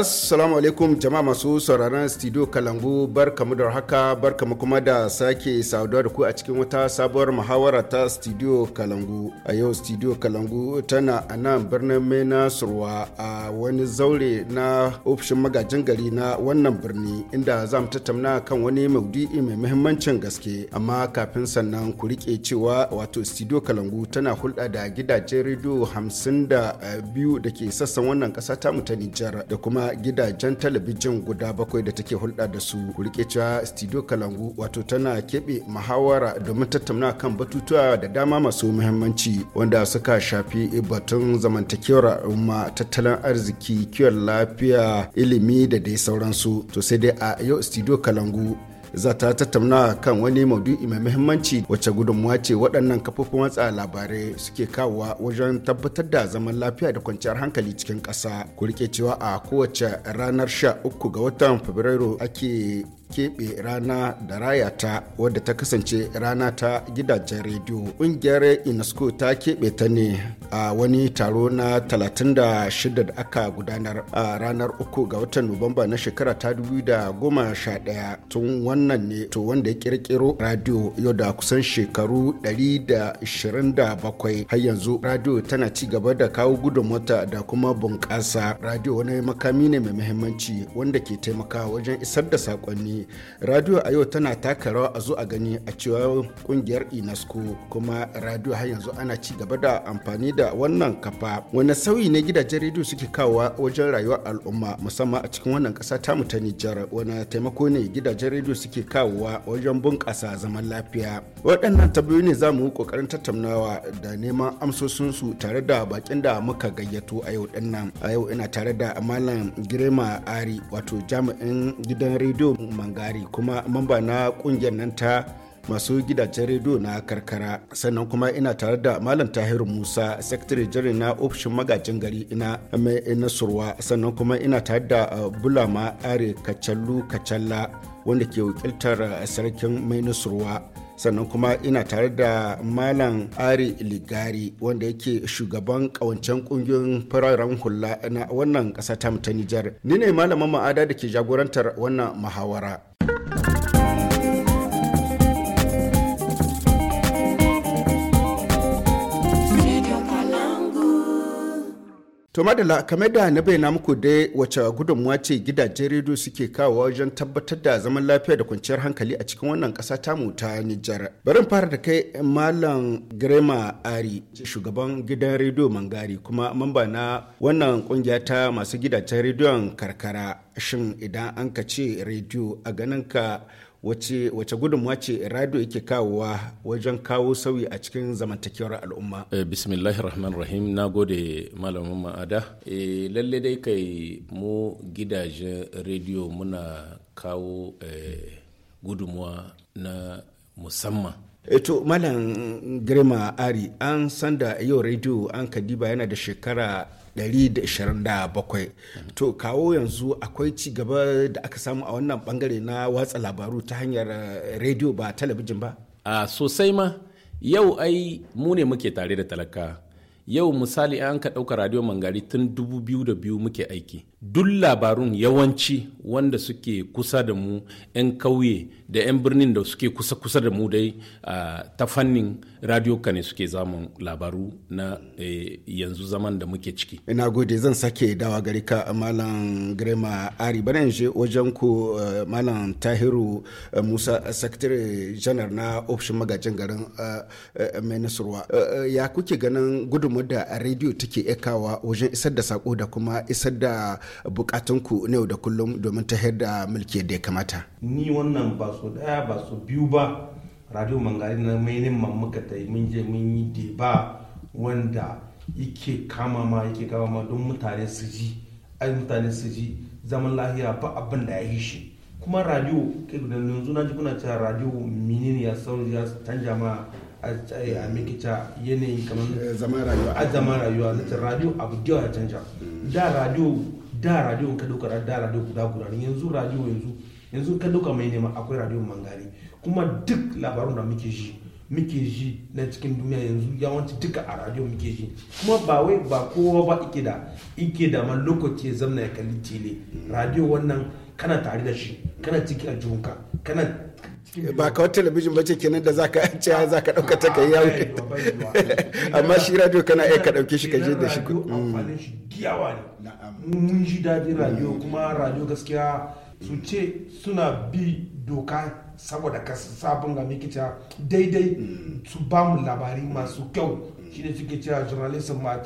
Assalamu alaikum jama'a masu sauraron studio Kalangu kamu da haka kamu kuma da sake saduwa da ku a cikin wata sabuwar muhawara ta studio Kalangu. A yau studio Kalangu tana a nan birnin Mena Surwa a wani zaure na ofishin magajin gari na wannan birni inda za mu tattauna kan wani maudu'i mai muhimmancin gaske amma kafin sannan ku rike cewa wato studio Kalangu tana hulɗa da gidajen rediyo hamsin da biyu da ke sassan wannan ƙasa mu ta Nijar da kuma gidajen talabijin guda bakwai da take hulɗa da su rike cewa studio kalangu wato tana keɓe muhawara domin tattauna kan batutuwa da dama masu muhimmanci wanda suka shafi batun zamantakewar al'umma tattalin arziki kiwon lafiya ilimi da dai sauransu to sai dai a yau studio kalangu za ta tattauna kan wani maudu'i mai muhimmanci wacce gudunmuwa ce waɗannan kafofin watsa labarai suke kawowa wajen tabbatar da zaman lafiya da kwanciyar hankali cikin ƙasa ku rike cewa a kowace ranar 13 ga watan fabrairu ake keɓe rana da raya ta wadda ta kasance rana ta gidajen rediyo ƙungiyar unesco ta keɓe ta ne a wani taro na 36 da aka gudanar a ranar 3 ga watan nuwamba na shekara ta 2011 tun wannan ne to wanda ya ƙirƙiro radio yau da kusan shekaru 127 har yanzu radio tana ci gaba da kawo gudunmata da kuma bunƙasa radio wani makami ne mai muhimmanci wanda ke taimaka wajen isar da saƙonni radiyo radio a yau tana taka rawa a zo a gani a cewa kungiyar inasco kuma radio har yanzu ana ci gaba da amfani da wannan kafa wani sauyi ne gidajen rediyo suke kawowa wajen rayuwar al'umma musamman a cikin wannan kasa ta ta nijar wani taimako ne gidajen rediyo suke kawowa wajen bunƙasa zaman lafiya waɗannan tambayoyi ne za mu yi ƙoƙarin tattaunawa da neman amsosinsu tare da bakin da muka gayyato a yau ɗin nan a yau ina tare da malam girma ari wato jami'in gidan rediyo mangari kuma mamba na kungiyar nan ta masu gidajen rediyo na karkara sannan kuma ina tare da malam tahir musa secretary general na ofishin magajin gari ina mai surwa sannan kuma ina tare da uh, bulama are kacallu kacalla wanda ke wakiltar uh, sarkin mai nasurwa sannan kuma ina tare da malam ari ligari wanda yake shugaban kawancen kungiyoyin fararen hula na wannan kasa ta nijar ni ne malamin ma'ada da ke jagorantar wannan muhawara. To madala kamar da na bayyana muku dai wace gudunmuwa ce gidajen rediyo suke kawo wajen tabbatar da zaman lafiya da kwanciyar hankali a cikin wannan ƙasa tamu ta Nijar. Bari fara da kai Malam Grema Ari shugaban gidan rediyo Mangari kuma mamba na wannan kungiya ta masu gidajen rediyon karkara. Shin idan an ka ce rediyo a ganin ka wace wace gudunmuwa ce radio yake kawowa wajen kawo sauyi a cikin zamantakewar al'umma e, eh, rahman rahmanir rahim nagode malamin ma'ada e, eh, lalle dai kai mu gidajen rediyo muna kawo e, gudunmuwa na musamman eto malam girma ari an sanda yau rediyo an kadiba yana da shekara 127 to kawo yanzu akwai ci gaba da aka samu a wannan bangare na watsa labaru ta hanyar eh, rediyo ba talabijin ba a sosai ma yau ai mu ne muke tare da talaka yau misali an ka ɗauka radio mangari tun 2002 muke aiki duk labarun yawanci wanda suke kusa da mu 'yan kauye da 'yan birnin da suke kusa-kusa da mu dai ta fannin radio ne suke zamun labaru na e, yanzu zaman da muke ciki. ina gode zan sake dawa gari ka malam grema ari bana je wajen ku e, malam tahiru e, musa sakatare janar na ofishin magajin garin minisruwa ya kuke ganin gudunmu da radio take ekawa wajen isar da sako da kuma isar da bukatunku na yau da kullum domin ta da mulki da ya kamata ni wannan ba su daya ba su biyu ba radio mangari na mainin mamuka ta yi mun je mun yi ba wanda yake kama ma yake kama ma don mutane su ji ai mutane su ji zaman lahiya ba abin da ya yi shi kuma radio kai da yanzu na ji kuna cewa radio minin ya sauri ya canja ma a mikita yanayin kamar eh, zaman rayuwa a ah, zaman rayuwa na radio abu da ya canja da radio da radio ka dauka da radio guda guda ne yanzu radio yanzu yanzu ka dauka mai nema akwai radio mangari kuma duk labarun da muke ji muke ji na cikin duniya yanzu yawanci duka a radio muke ji kuma ba wai ba kowa ba ike da ike da man lokaci zamna ya kalli tele mm. radio wannan kana tare da shi kana ciki a jihunka kana ba kawai talabijin ba ce kenan da za ka ce za ka ɗauka ta kai yawon amma shi radio kana iya ka ɗauke shi ka je da shi amfanin giyawa ne mun ji daɗi radio kuma radio gaskiya su ce suna bi doka saboda ka sabon ga mikita daidai mm. su ba mu labari masu kyau shi ne suke cewa journalist ma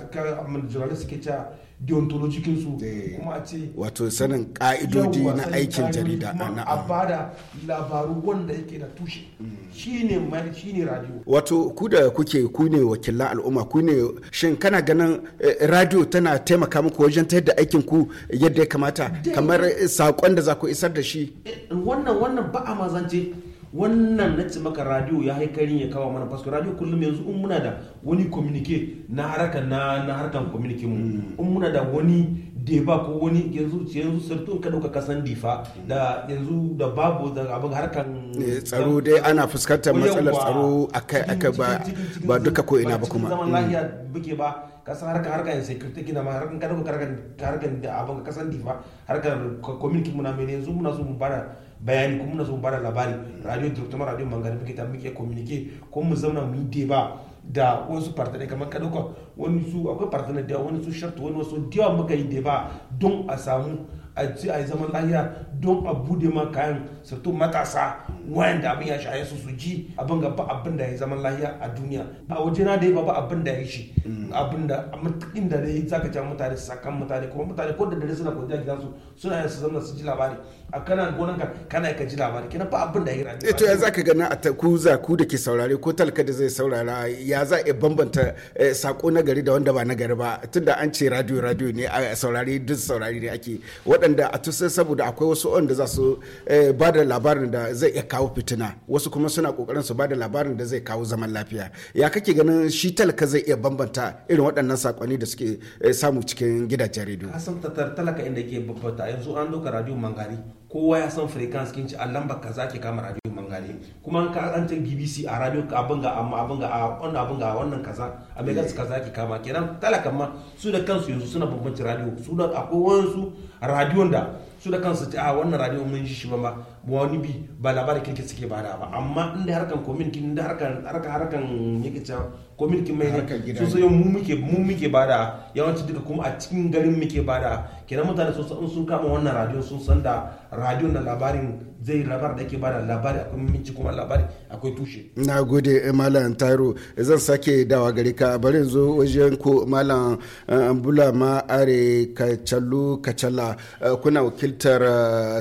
journalist suke cewa deontologikin su eh. kuma a ce wato sanin ka'idodi na aikin jarida na a bada labaru wanda yake da tushe mm. shine mai shine radio wato ku da kuke ku ne wakilan al'umma ku ne shin kana ganin eh, radio tana taimaka muku wajen ta yadda aikin ku yadda ya kamata kamar sakon da za ku isar da shi eh, wannan wannan ba a mazance wannan na ce maka radio ya haikari ya kawo mana fasko radio kullum yanzu in muna da wani communique na harkar na na harkar communique mu in muna da wani deba ko wani yanzu yanzu sarto ka dauka kasan difa da yanzu da babu da abin harkar eh, tsaro dai ana fuskantar matsalar tsaro akai akai ba ba duka ko ina ba kuma zaman mm. lafiya buke ba kasan harkar harkar yanzu security gina ma harkar dauka harkar harkar da abin kasan difa harkar communique mu na mai yanzu muna so mu bada bayani kuma muna so mu bada labari radio direct kuma radio mangari muke ta muke communique ko mu zauna mu yi ba da wasu partner kamar ka dauka wani su akwai partner da wani su shartu wani wasu da yawa muka yi ba don a samu a ce a yi zaman lahiya don a bude ma kayan surtout matasa wayanda abin ya shaye su su ji abin ga ba abin da ya zaman lahiya a duniya a waje na da ya ba abin da ya shi abin da matakin da ya zaka ja mutane su sakan mutane kuma mutane ko da dare suna kwanciya a su suna yin su zama su ji labari a kana gonan ka kana ka ji labari kina ba abin da ya yi eh, to ya ka gana a ta ku za ku da ke saurare ko talaka da zai saurara ya za a bambanta eh, sako na gari da wanda ba na gari ba tunda an ce radio radio ne a saurare duk saurare ne ake waɗanda waɗanda a tusa saboda akwai wasu wanda za su eh, ba da labarin da zai iya kawo fitina wasu kuma suna kokarin su ba da labarin da zai kawo zaman lafiya ya kake ganin shi talaka zai iya bambanta irin waɗannan sakonni da suke eh, samu cikin gidajen rediyo. Asan talaka inda ke babbata yanzu an doka radio mangari kowa ya san frequency kin ci a lambar kaza ke kama radio gane kuma ka an ta BBC a radio ka abin ga amma abin ga a wannan abin ga wannan kaza a mai gasu kaza ke kama kenan talakan ma su da kansu yanzu suna bambanci radio su da akwai wansu radio da su da kansu ta a wannan radio mun ji shi ba ma wani bi ba labarin kirki suke bada ba amma inda harkan community inda harkan harkan harkan yake ta community mai ne su sai mu muke mu muke bada yawanci duka kuma a cikin garin muke bada kenan mutane sun sun kama wannan radio sun san da radio na labarin zai labar da ke bada labari akwai minci kuma labari akwai tushe na gode eh, malam taro eh, zan sake dawa gari ka bari zo wajen ku malam ambula eh, ma are kacalu kacala kuna wakiltar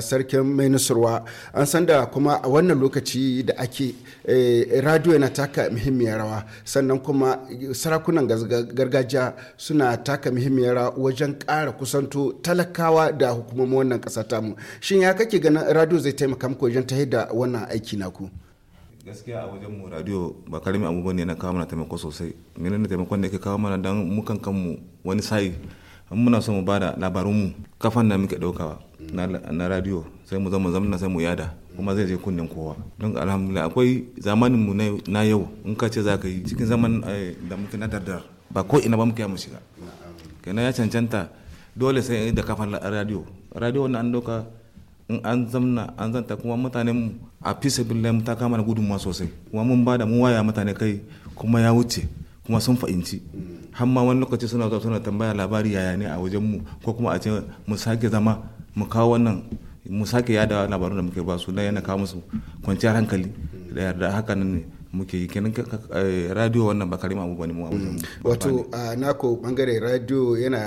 sarkin mai nusurwa an san da kuma a wannan lokaci da ake radio yana taka muhimmiyar rawa sannan kuma sarakunan gargajiya suna taka muhimmiyar rawa wajen kara kusanto talakawa da hukumomin wannan ta tamu shin ya kake ganin radio zai taimaka muku wajen ta da wannan aiki naku gaskiya a wajen mu radio ba karami abu ne na kawo mana taimako sosai na taimakon da yake kawo mana dan mu kan kanmu wani sai in muna so mu bada labarunmu kafan na muke daukawa na radio sai mu zama zamna sai mu yada kuma zai je kunnen kowa don alhamdulillah akwai zamanin mu na yau in ka ce za ka yi cikin zaman eh, da muke na dardar ba ko ina ba muke mu shiga kenan ya cancanta dole sai da kafan radio radio wannan an doka an zamna an zanta kuma mutane a fisa billahi ta kama na gudunma sosai kuma mun bada mu waya mutane kai kuma ya wuce kuma sun fahimci har ma wani lokaci suna zuwa suna tambaya labari yaya ne a wajen mu ko kuma a ce mu sake zama mu kawo wannan mu sake yada labarun da muke ba su na yana kawo musu kwanciyar hankali da yarda haka nan ne muke yi kenan eh, radio wannan ba karima abu mu a wajen mm. wato ah, nako bangare radio yana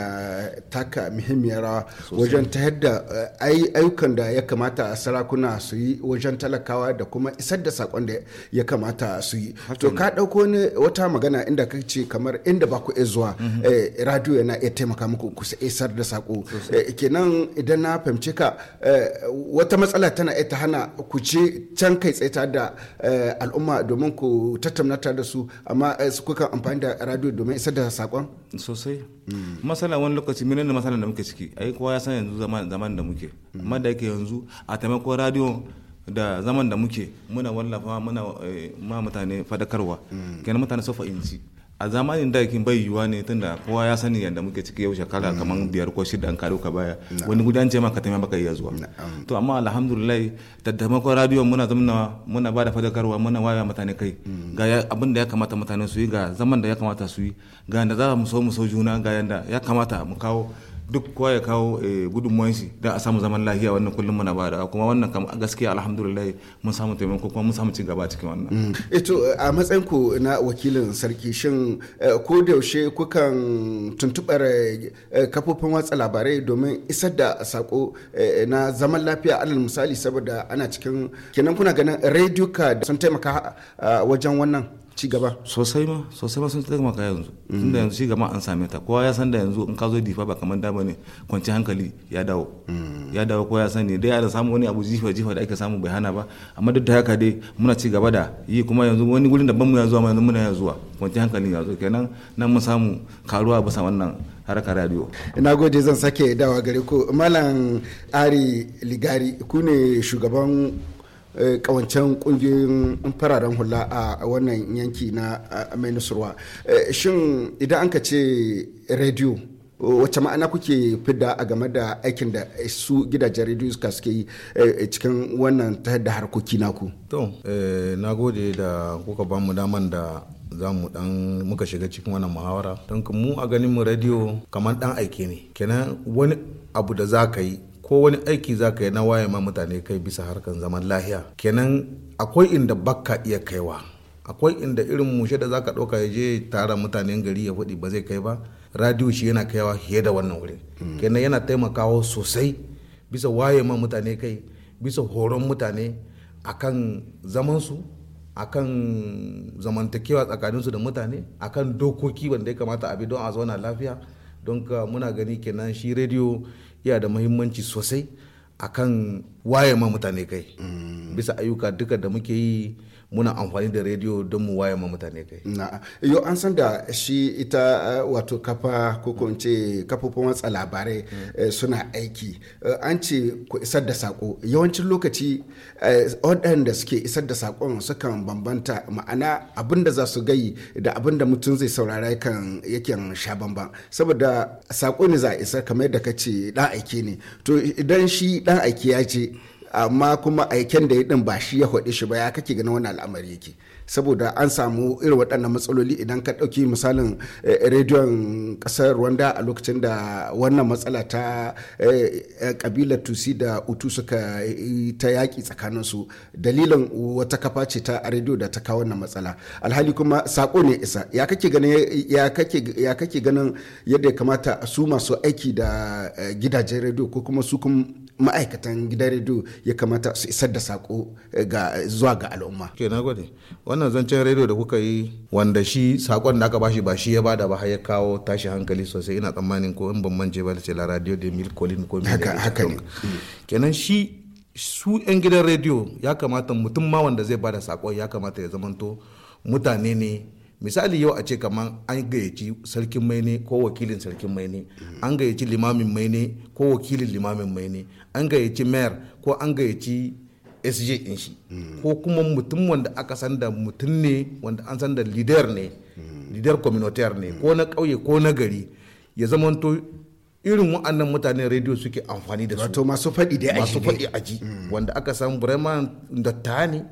taka muhimmiyar rawa wajen ta yadda eh, ayyukan da ya kamata a sarakuna su yi wajen talakawa da kuma isar da sakon da ya kamata su yi to ka dauko ne wata magana inda ka ce kamar inda ba ku zuwa mm-hmm. eh, radio yana iya taimaka muku ku isar da sako kenan idan na fahimci ka wata matsala tana iya ta hana ku ce can kai tsaye da al'umma domin ku tattauna da su amma eh, su kuka amfani da radio domin isar da sakon sosai hmm. masala wani lokaci mene da masala da muke ciki ai kowa ya san yanzu zaman da muke hmm. amma da yake yanzu a taimakon radio da zaman da muke muna wallafa muna eh, ma mutane fadakarwa hmm. kenan mutane sofa inci a zamanin da kin bai yiwuwa ne tunda kowa ya sani yadda muke ciki yau shekara mm. kamar biyar ko shida an kare ka baya wani gudan ce maka taimaka baka iya zuwa to amma alhamdulillah da taimakon radio muna zamna muna ba da fadakarwa muna waya mutane kai mm. ga abin da ya kamata mutane su yi ga zaman da ya kamata su yi ga yadda za mu so mu so juna ga yadda ya kamata mu kawo duk kowa ya kawo eh, gudunmuwan shi don a samu zaman lafiya wannan kullum muna bada kuma wannan gaskiya alhamdulillah mun samu taimako kuma mun samu cigaba cikin wannan. Mm. eto eh, a matsayin ku na wakilin sarki shin eh, ko da yaushe kukan tuntubar kafofin watsa labarai domin isar da sako na zaman lafiya alal misali saboda ana cikin kenan kuna ganin rediyo ka sun taimaka ah, wajen wannan. ci gaba sosai ma sosai ma sun taimaka yanzu mm. tunda yanzu ci gaba an same ta kowa ya san da yanzu in ka zo difa ba kamar da ne kwanci hankali ya dawo mm. ya dawo kowa ya sani dai da samu wani abu jifa jifa da ake samu bai hana ba amma duk da haka dai muna ci gaba da yi kuma yanzu wani gurin da mu ya zuwa yanzu muna ya zuwa kwanci hankali ya zo kenan nan mun samu karuwa bisa wannan harkar radio ina gode zan sake dawa gare ku malam ari ligari ku ne shugaban kawancen kungiyoyin fararen hula a wannan yanki na minisruwa eh, shin idan an ka ce rediyo wacce ma'ana kuke fidda a game da aikin da su gidajen rediyo suka suke yi eh, cikin wannan ta da harkoki naku to eh, na gode da kuka ba mu daman da za mu dan muka shiga cikin wannan muhawara don mu a ganin mu rediyo kamar dan aiki ne kenan wani abu da za ka yi ko wani aiki za ka yi na waye ma mutane kai bisa harkan zaman lahiya kenan akwai inda bakka iya kaiwa akwai inda irin mushe da za ka ɗauka ya je tara mutanen gari ya faɗi ba zai kai ba radiyo shi yana kaiwa fiye da wannan wurin mm. kenan yana taimakawa sosai bisa waye ma mutane kai bisa horon mutane akan zamansu akan zamantakewa tsakaninsu da mutane akan dokoki wanda ya kamata a bi don a zauna lafiya don ka muna gani kenan shi rediyo yana da muhimmanci sosai akan waye ma mutane kai mm. bisa ayyuka duka da muke yi muna amfani da rediyo don mu waya ma mutane kai yau an san da shi ita eh, wato kafa ko ce kafofin watsa labarai eh, suna aiki eh, an ce ku isar da sako yawancin lokaci waɗanda suke isar da sakon sukan bambanta ma'ana abin da za su gayi da abin da mutum zai saurara kan yake sha bamban saboda sako ne za a isar kamar yadda ka ce ɗan aiki ne to idan shi ɗan aiki ya ce amma kuma aiken da ya din ba shi ya haɗe shi ba ya kake ganin wani al'amari yake saboda an samu irin waɗannan matsaloli idan ka ɗauki misalin eh, eh, rediyon ƙasar rwanda a lokacin da wannan matsala ta eh, ƙabila tusi da utu suka ta yaƙi tsakaninsu dalilin wata kafa ce ta rediyo da ta kawo wannan matsala alhali kuma sako ne isa ya kake ganin ya kake ganin yadda ya kamata su masu aiki da gidajen rediyo ko kuma su kuma ma'aikatan gidan rediyo ya kamata su isar da sako eh, ga zuwa ga al'umma ke na gode wannan zancen rediyo da kuka yi wanda shi sakon da aka bashi ba shi ya bada ba ya kawo tashi hankali sosai ina tsammanin ko in ban manje ba ce la radio de mil colin ko mil kenan shi su 'yan gidan rediyo ya kamata mutum ma wanda zai bada sakon ya kamata ya zamanto mutane ne misali yau a ce kamar an gayyaci sarkin ne ko wakilin sarkin ne an gayyaci limamin ne ko wakilin limamin ne an gayyaci mayor ko an gayyaci sj in shi ko kuma mutum wanda aka san da mutum ne wanda an san da leader ne leader communautaire ne ko na kauye ko na gari ya zamanto irin wa'annan mutanen radio suke amfani da su wato masu faɗi da masu aji mm. wanda aka san bremen ta ne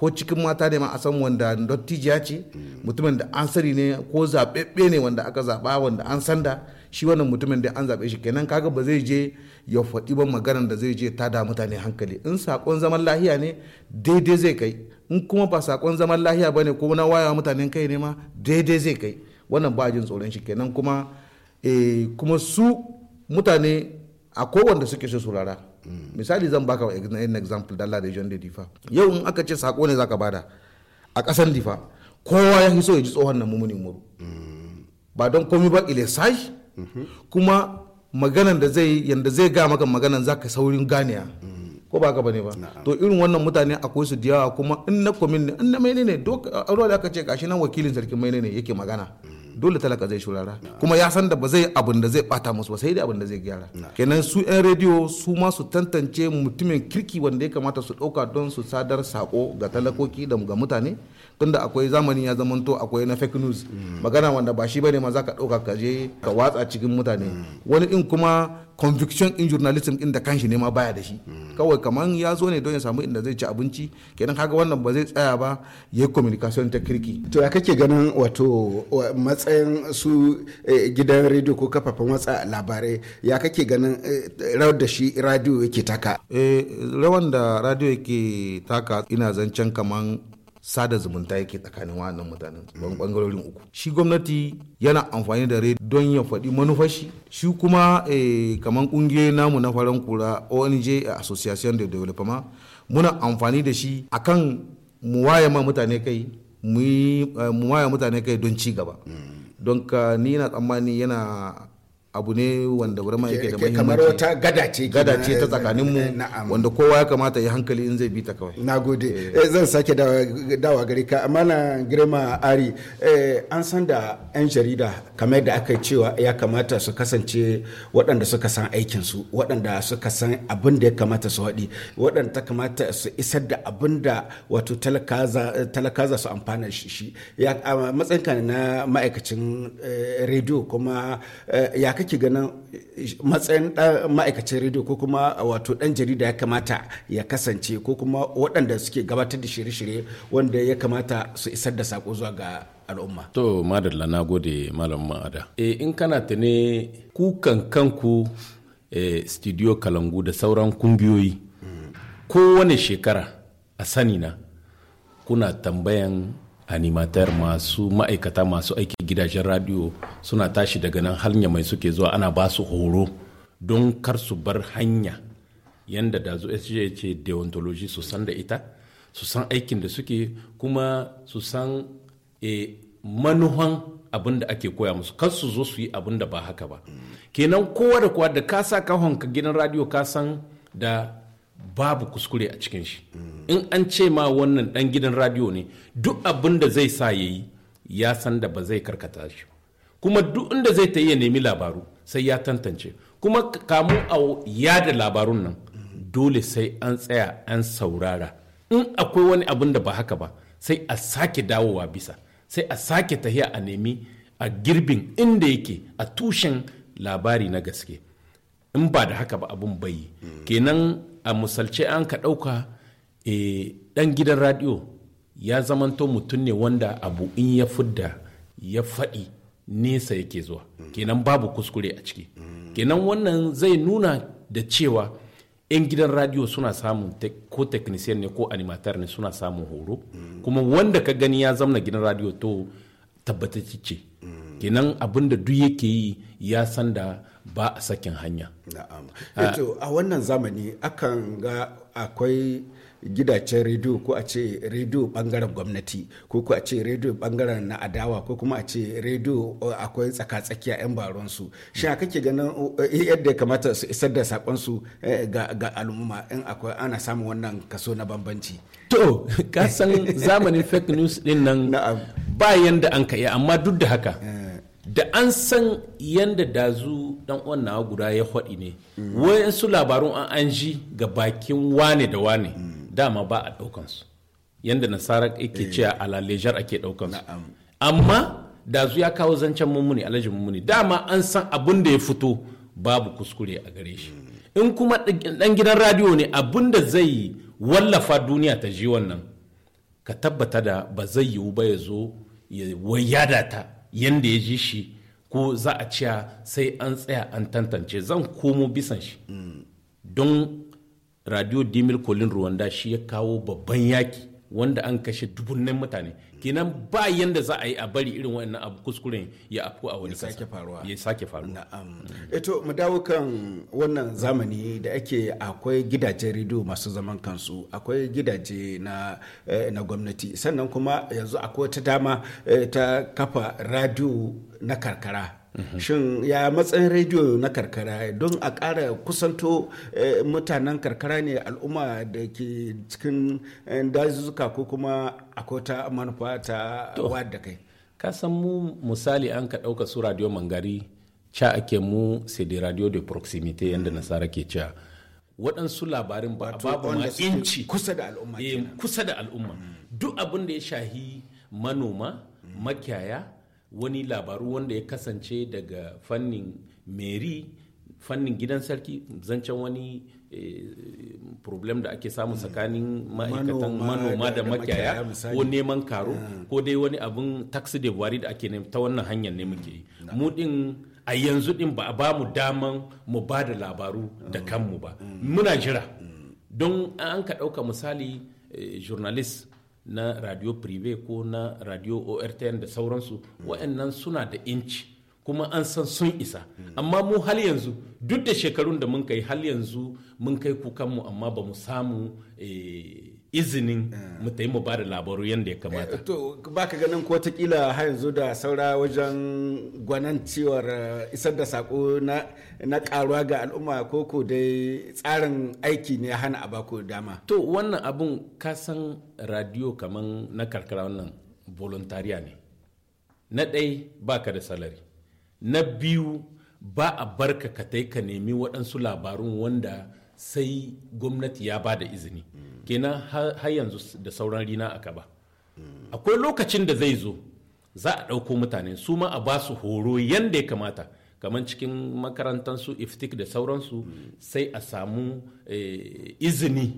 ko cikin mata ne ma a san wanda dottijiya ce mutumin da an sani ne ko zaɓeɓɓe ne wanda aka zaɓa wanda an sanda shi wannan mutumin da an zaɓe shi kenan kaga ba zai je ya faɗi ba maganar da zai je ta da mutane hankali in saƙon zaman lahiya ne daidai zai kai in kuma ba saƙon zaman lahiya ba ne ko na wayawa mutanen kai ne ma daidai zai kai wannan ba jin tsoron shi kenan kuma eh, kuma su mutane a kowanda suke so su rara misali zan baka an example dalla region da difa yau in aka ce sako ne zaka bada a kasan difa kowa ya fi so ya ji tsohon nan mumuni muru ba don komi ba ilesai kuma maganan da zai yanda zai ga maka maganan zaka saurin ganiya ko ba ka bane ba to irin wannan mutane akwai su diyawa kuma in na komin ne in na mai ne doka da aka ce gashi nan wakilin sarkin mai ne yake magana dole talaka zai shurara kuma ya san da ba zai abin da zai bata musu ba sai dai abin da zai gyara kenan su yan rediyo su ma su tantance mutumin kirki wanda ya kamata su ɗauka don su sadar sako ga talakoki da ga mutane tunda akwai zamani ya zamanto akwai na fake news mm. magana wanda ba shi bane ma zaka dauka ka je ka watsa cikin mutane mm. wani in kuma conviction in journalism din da kanshi ne ma baya da shi mm. kawai kaman ya zo ne don ya samu inda zai ci abinci kenan kaga wannan ba zai tsaya ba ya yi communication ta kirki to ya kake ganin wato matsayin su eh, gidan radio ko kafafen watsa labarai ya kake ganin eh, rawar da shi radio yake taka eh rawan da radio yake taka ina zancen kaman sada zumunta yake tsakanin wannan mutanen bangarorin uku shi gwamnati yana amfani da rediyo don ya faɗi manufashi shi kuma eh, kamar ƙungiyoyin namu na faran kura ONG eh, Association de Development muna amfani da shi akan mu waye ma mutane kai mu eh, mutane kai don ci gaba mm. don ka ni na tsammani yana abu ne wanda wurin yake da mahimmanci kamar wata gada ce gada ce ta tsakanin mu wanda kowa ya kamata ya hankali in zai bi ta kawai na gode eh. Eh, zan sake dawa gari ka na girma ari eh, an san da yan jarida kamar da aka cewa ya kamata su kasance waɗanda suka san aikin su waɗanda suka san abin da ya kamata su haɗi waɗanda ta kamata su isar da abin da wato talakaza su amfana shi ya matsayinka na ma'aikacin rediyo kuma ya kake ganin eh, matsayin ma'aikacin rediyo ko kuma wato dan jarida ya kamata ya kasance ko kuma waɗanda suke gabatar da shirye-shirye wanda ya kamata su isar da sako zuwa ga al'umma. To madalla na gode malam ma'ada. E, in kana ta ne kukan kanku e, studio kalangu da sauran kungiyoyi mm. kowane shekara a sani na kuna tambayan animatar masu ma'aikata masu aiki gidajen radio suna tashi daga nan hanya mai suke zuwa ana ba su horo don kar su bar hanya yadda da zo sj ce deontology su san da ita su san aikin da suke kuma su san e, manuhan abin da ake koya musu kar su zo su yi abin da ba haka ba kenan kowa da kowa da ka sa kahon ka gidan radio ka san da babu kuskure a cikin shi in an ce ma wannan dan gidan radio ne duk abin da zai sa ya yi ya san da ba zai karkata shi kuma duk inda zai ta iya nemi labaru sai ya tantance kuma kamu a yada labarun nan dole sai an tsaya an saurara in akwai wani abin da ba haka ba sai a sake dawowa bisa sai a sake tahiya a nemi a girbin inda yake a tushen labari na gaske in ba da haka ba abin bai kenan a misalce an ka ɗauka e, ɗan gidan radio ya zamanto mutum ne wanda abu in ya fudda ya faɗi nesa yake zuwa kenan babu kuskure a ciki kenan wannan zai nuna da cewa 'yan gidan radio suna samun ko teknisiyan ne ko animatar ne suna samun horo kuma wanda ka gani ya zamna gidan radio to tabbatacce ce kenan abin da duk yake yi ya san da ba a sakin hanya ah. a wannan zamani akan ga akwai gidajen rediyo ko a ce rediyo bangaren gwamnati ko ko a ce rediyo bangaren na adawa ko kuma a ce rediyo eh, akwai tsaka-tsakiya 'yan baronsu shi a kake ganin eh, eh, yadda ya kamata su isar da sakonsu ga al'umma in akwai ana samun wannan kaso na bambanci to kasan zamanin fake news din nan ba yanda an ka amma duk da haka da an san yadda dazu dan uwan nawa guda ya haɗi ne wayansu labarun an an ji ga bakin wane da wane dama ba a ɗaukansu yadda nasara yake eh. ce a lalejar ake ɗaukansu amma dazu ya kawo zancen mummuni alhaji mummuni dama an san abin da ya fito babu kuskure a gare shi in kuma ɗan gidan radiyo ne abin da zai wallafa duniya ta ji wannan ka tabbata da ba zai yiwu ba ya zo ya ta. yanda ya ji shi ko za a ciya sai an tsaya an tantance zan komo bisan shi don radio dimil kolin rwanda shi ya kawo babban yaki wanda an kashe dubunnan mutane kenan ba yanda za a yi a bari irin wannan abu kuskuren ya afku a wani sake ya sake faruwa mm. eto eh mu dawo kan wannan zamani da ake akwai gidajen rediyo masu zaman kansu akwai gidaje na eh, na gwamnati sannan kuma yanzu akwai ta dama eh, ta kafa radio na karkara shin ya matsayin rediyo na karkara don a ƙara kusanto eh, mutanen karkara ne al'umma da ke cikin eh, dazuzzuka ko kuma akwai ta manufa ta da kai ka san mu misali an ka ɗauka su radio mangari ca ake mu sai de radio de proximité yadda nasara ke cewa waɗansu labarin ba babu ma inci kusa da al'umma eh, kusa da al'umma mm. duk abin da ya shahi manoma mm. makiyaya wani labaru wanda ya kasance daga fannin meri fannin gidan sarki zancen wani eh, problem da ake samu hmm. tsakanin ma'aikatan manoma da makiyaya ko neman karo hmm. ko dai wani abin taxi da buwari da ake ta wannan hanyar ne muke yi hmm. mu din a yanzu din ba ba mu daman mu ba da labaru da kanmu ba muna jira don an ka ɗauka misali eh, journalist na radio prive ko na radio ortn da sauransu wa'annan suna da inci kuma an san sun isa amma mu hal yanzu duk da shekarun da mun kai hal yanzu mun kai kukanmu amma ba mu samu eh, izinin eh. mu ta yi mu bada labaru yadda ya kamata. Eh, to ba ka ganin ko kila har yanzu da saura wajen gwanan cewar eh, isar da sako na karuwa ga al'umma ko ko dai tsarin aiki ne hana a bako dama. To wannan abun san radio kaman na karkara wannan volontariya ne. Na ɗai ba ka da salari. Na biyu ba a barka ka ka nemi waɗansu labarun wanda sai gwamnati ya ba da izini kenan har yanzu da sauran rina a kaba akwai lokacin da zai zo za a ɗauko mutane su ma a ba su horo yadda ya kamata kamar cikin makarantansu iftik da sauransu sai a samu eh, izini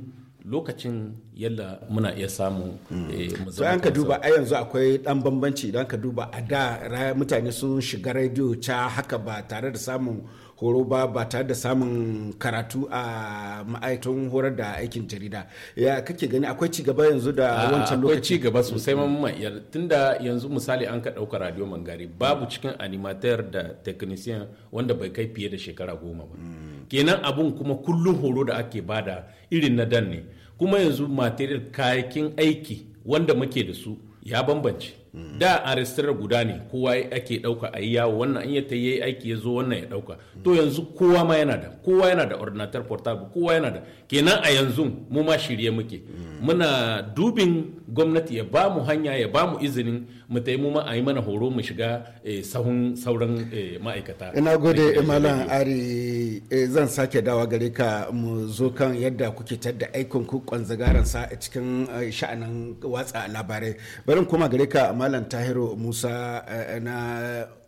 lokacin yalla muna iya samun. Eh, mazaunin an ka duba a yanzu akwai dan bambanci don ka duba a da mutane sun shiga rediyo ca haka ba tare da samun horo ba ba tare da samun karatu a ma'aikatan horar da aikin jarida ya kake gani akwai ci gaba yanzu da wancan lokaci akwai ci gaba sosai mamman tunda yanzu misali an ka ɗauka radio mangari babu cikin animateur da technician wanda bai kai fiye da shekara goma ba hmm. kenan abun kuma kullum horo da ake bada irin na dan ne kuma yanzu material kayakin aiki wanda muke da su ya bambance da aristar guda ne kowa ake dauka a yi yawo wannan an ya ta yi aiki ya zo wannan ya dauka to yanzu kowa ma yana da kowa yana da ordinateur portable kowa yana da kenan a yanzu mu ma shirye muke muna dubin gwamnati ya ba mu hanya ya ba mu izinin mu ta mu ma a yi mana horo mu shiga eh, sahun sauran eh, ma'aikata ina gode imalan ari eh, zan sake dawa gare ka mu zo kan yadda kuke tadda aikin ku kwanzagaran sa a cikin sha'anin watsa labarai barin kuma gare ka malam tahiru musa eh, na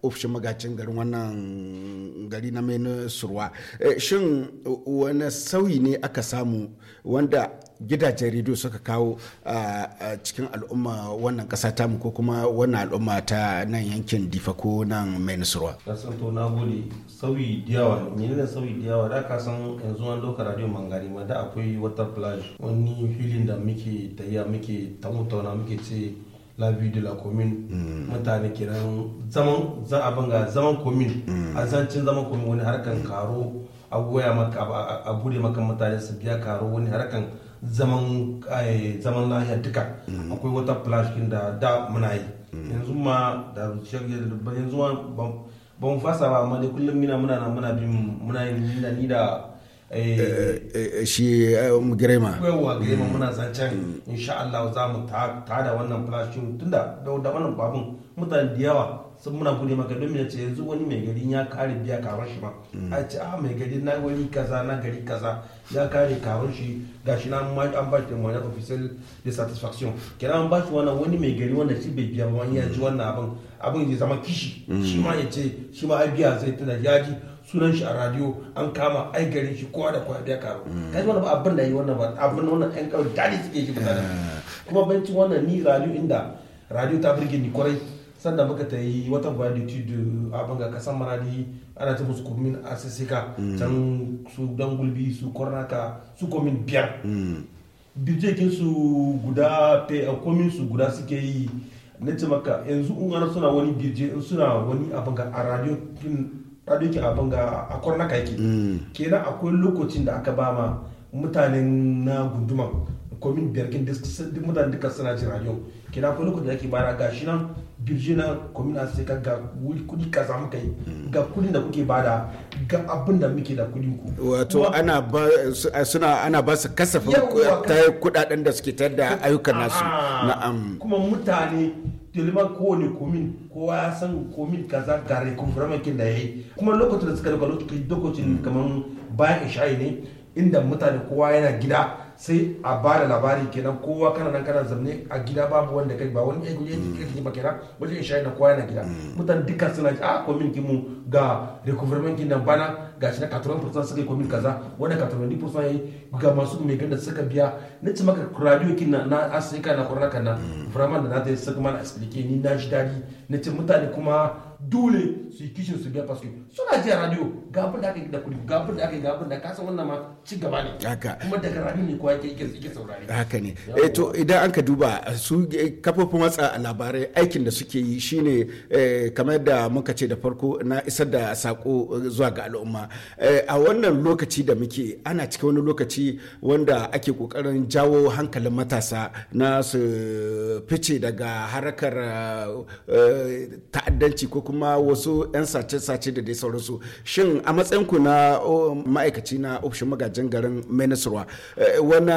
ofishin magacin garin wannan gari na mai surwa eh, shin wani sauyi ne aka samu wanda gidajen rediyo suka kawo a eh, cikin al'umma wannan kasa ta ko kuma wannan al'umma ta nan yankin difa ko nan mai nasarwa. kasanto to na gode sauyi diyawa menene sauyi diyawa da ka san yanzu an doka radio mangari ma da akwai water plage wani filin da muke tayya muke tamutauna muke ce la vie de la commune mm. mutane kenan zaman za a banga zaman commune mm. a zancin zaman commune wani harkan karo a goya maka a bude maka mutane su biya karo wani harkan zaman eh, zaman lahiya duka mm. akwai wata plage kin da da muna yi yanzu ma da yanzu ma ban fasa ba amma dai kullum mina muna nan muna bin muna yi ni da Eh, eh, eh, shi um, girma wa girma mm. muna zancen mm. insha Allah za mu da wannan flashin tun da wannan babun mutane da yawa sun muna gudu maka don ce yanzu wani mai gari ya kare biya karon shi ma mm. a ce a ah, mai gari na wani kaza na gari kaza ya kare karon shi shi na an ba shi da mawani official de satisfaction kenan an ba shi wannan wani mai gari wanda shi bai biya ba wani ya ji wannan abin abin zai zama kishi shi ma ya ce shi ma ai biya zai tuna ya ji sunan shi a radio an kama ai gari shi kowa da kowa ya kai kaji ba abin da yi wannan ba abin wannan ɗan kawai dadi suke shi mutane eh. kuma bancin wannan ni radio inda radio ta birge ni kwarai sanda muka ta yi wata validity da abin ga kasan maradi ana ta musu kumin asisika hmm. can su gulbi su kornaka su komin biyar hmm. kin su guda pe eh, komin su guda suke yi na ce maka yanzu in suna wani birje in suna wani abin ga a radio ɗaɗuki abin ga a kwarnaka yake mm. kenan akwai lokacin da aka ba ma mutanen na gunduma komin birgin duk mutane duka suna jin radio kenan akwai lokacin da ake bara ga shi nan birji na komin ka ga kudi ka samu kai mm. ga kudin da kuke bada ga abin da muke da kudin ku wato ana ba suna ana ba su kasafin kudaden da suke tar da ayyukan nasu na'am kuma mutane tellement kowane komin kowa ya san komin kaza ga reconfirmation kin da yayi kuma lokacin da suka daga lokacin kamar bayan isha'i ne inda mutane kowa yana gida sai a ba da labari kenan kowa kana nan kana zamne a gida babu wanda kai ba wani ya ne ba kenan wajen shayi na kowa yana gida mm. mutan dukkan suna ji a ah, komin kimu ga recoverment nan bana ga shi na 80% suka yi komin kaza wanda 90% yi ga masu mai ganda suka biya na ci maka radio kin na na asika na korona kana mm. vraiment da na ta saka mana explain ni na ji dadi na ci mutane kuma dole su yi kishin su biya paske suna jiya radio ga da aka yi da kudi ga da aka yi ga da ka wannan ma ci gaba ne kuma daga rami ne kuwa yake yake saurare haka ne eh to idan an ka duba su eh, kafofin watsa labarai aikin da suke yi shine eh, kamar da muka ce da farko na isar da sako eh, zuwa ga al'umma a wannan lokaci da muke ana cikin wani lokaci wanda ake kokarin jawo hankalin matasa na su fice daga harakar ta'addanci ko kuma wasu 'yan sace-sace da dai sauransu shin a matsayinku na ma'aikaci na ofishin magajin garin minisruwa eh, wani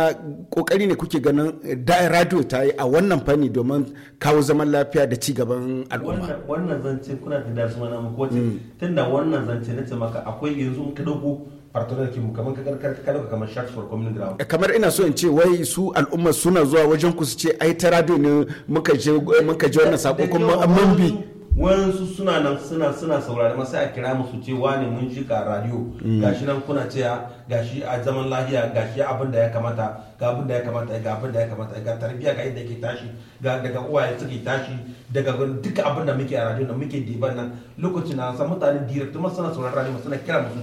kokari ne kuke ganin eh, da radio ta yi a wannan fanni domin kawo zaman lafiya da ci gaban al'umma wannan zance kuna da dasu mana mu kowace mm. tunda wannan zance na ce maka akwai yanzu ka dauko fartonar kimu kamar ka karkar ka dauka kamar for community ground eh, kamar ina so in ce wai su al'umma suna zuwa wajen ku su ce ai ta radio ne muka je muka je wannan sako kuma mun bi wasu suna nan suna suna saurari ma sai a kira musu cewa ne mun ji ka radio mm. gashi nan kuna cewa gashi a zaman lafiya gashi abin da ya kamata ga abin da ya kamata ga abin da ya kamata ga tarbiyya ga yadda ke tashi ga daga uwaye suke tashi daga duka abin da muke a radio nan muke diban nan lokacin na san mutane direct ma suna saurari radio ma suna kira musu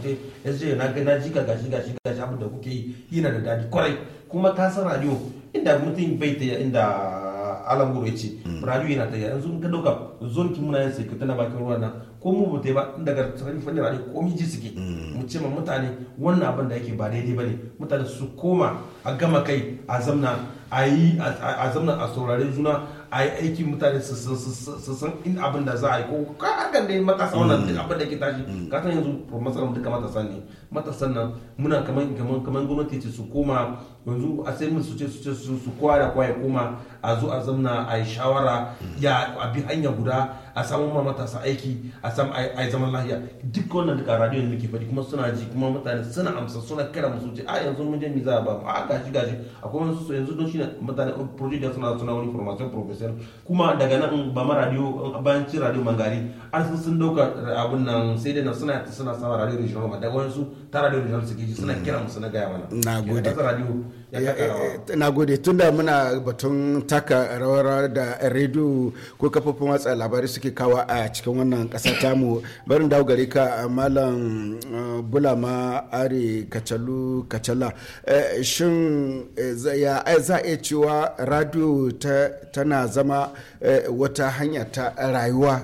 ce ya na ga ji ka gashi gashi gashi abin da kuke yi yana da dadi kwarai kuma ka san radio inda mutum bai ta inda alan guru ya ce mm. radio yana ta yanzu ka dauka zonki muna yin sai tana bakin ruwa na ko mu bute ba inda ga sarari fanni radio ko mi ji suke mm. mu ce ma mutane wannan abin da yake ba daidai bane mutane su koma a gama kai a zamna a yi a zamna a saurare juna a yi aiki mutane su san in abin da za a yi ko ka hakan da matasa wannan duk mm. abin da ke tashi ka san yanzu matsalar duka matasa ne matasan nan muna kaman kaman kaman gwamnati ce su koma yanzu a sai mun su ce su ce su kowa da kowa ya koma a zo a zamna a yi shawara ya a bi hanya guda a samu ma matasa aiki a samu a yi zaman lahiya duk wannan duka radio ne muke faɗi kuma suna ji kuma mutane suna amsa suna kira mu su ce a yanzu mun je mi za a ba mu a ah, gashi gashi akwai su yanzu don shine mutane project da suna suna wani formation professional kuma daga nan ba ma radio bayan ci radio mangari an sun dauka abun nan sai dai suna suna sama radio regional daga wani su ta radio da zamu sake shi suna mm. kira mu suna gaya mana nagode eh, eh, eh, tun tunda muna batun taka rawar da radio ko kafofin watsa labarai suke kawa a cikin wannan kasa tamu barin dawo gare ka malam bulama are kacalu kacala shin za a iya cewa radio tana zama wata hanya ta rayuwa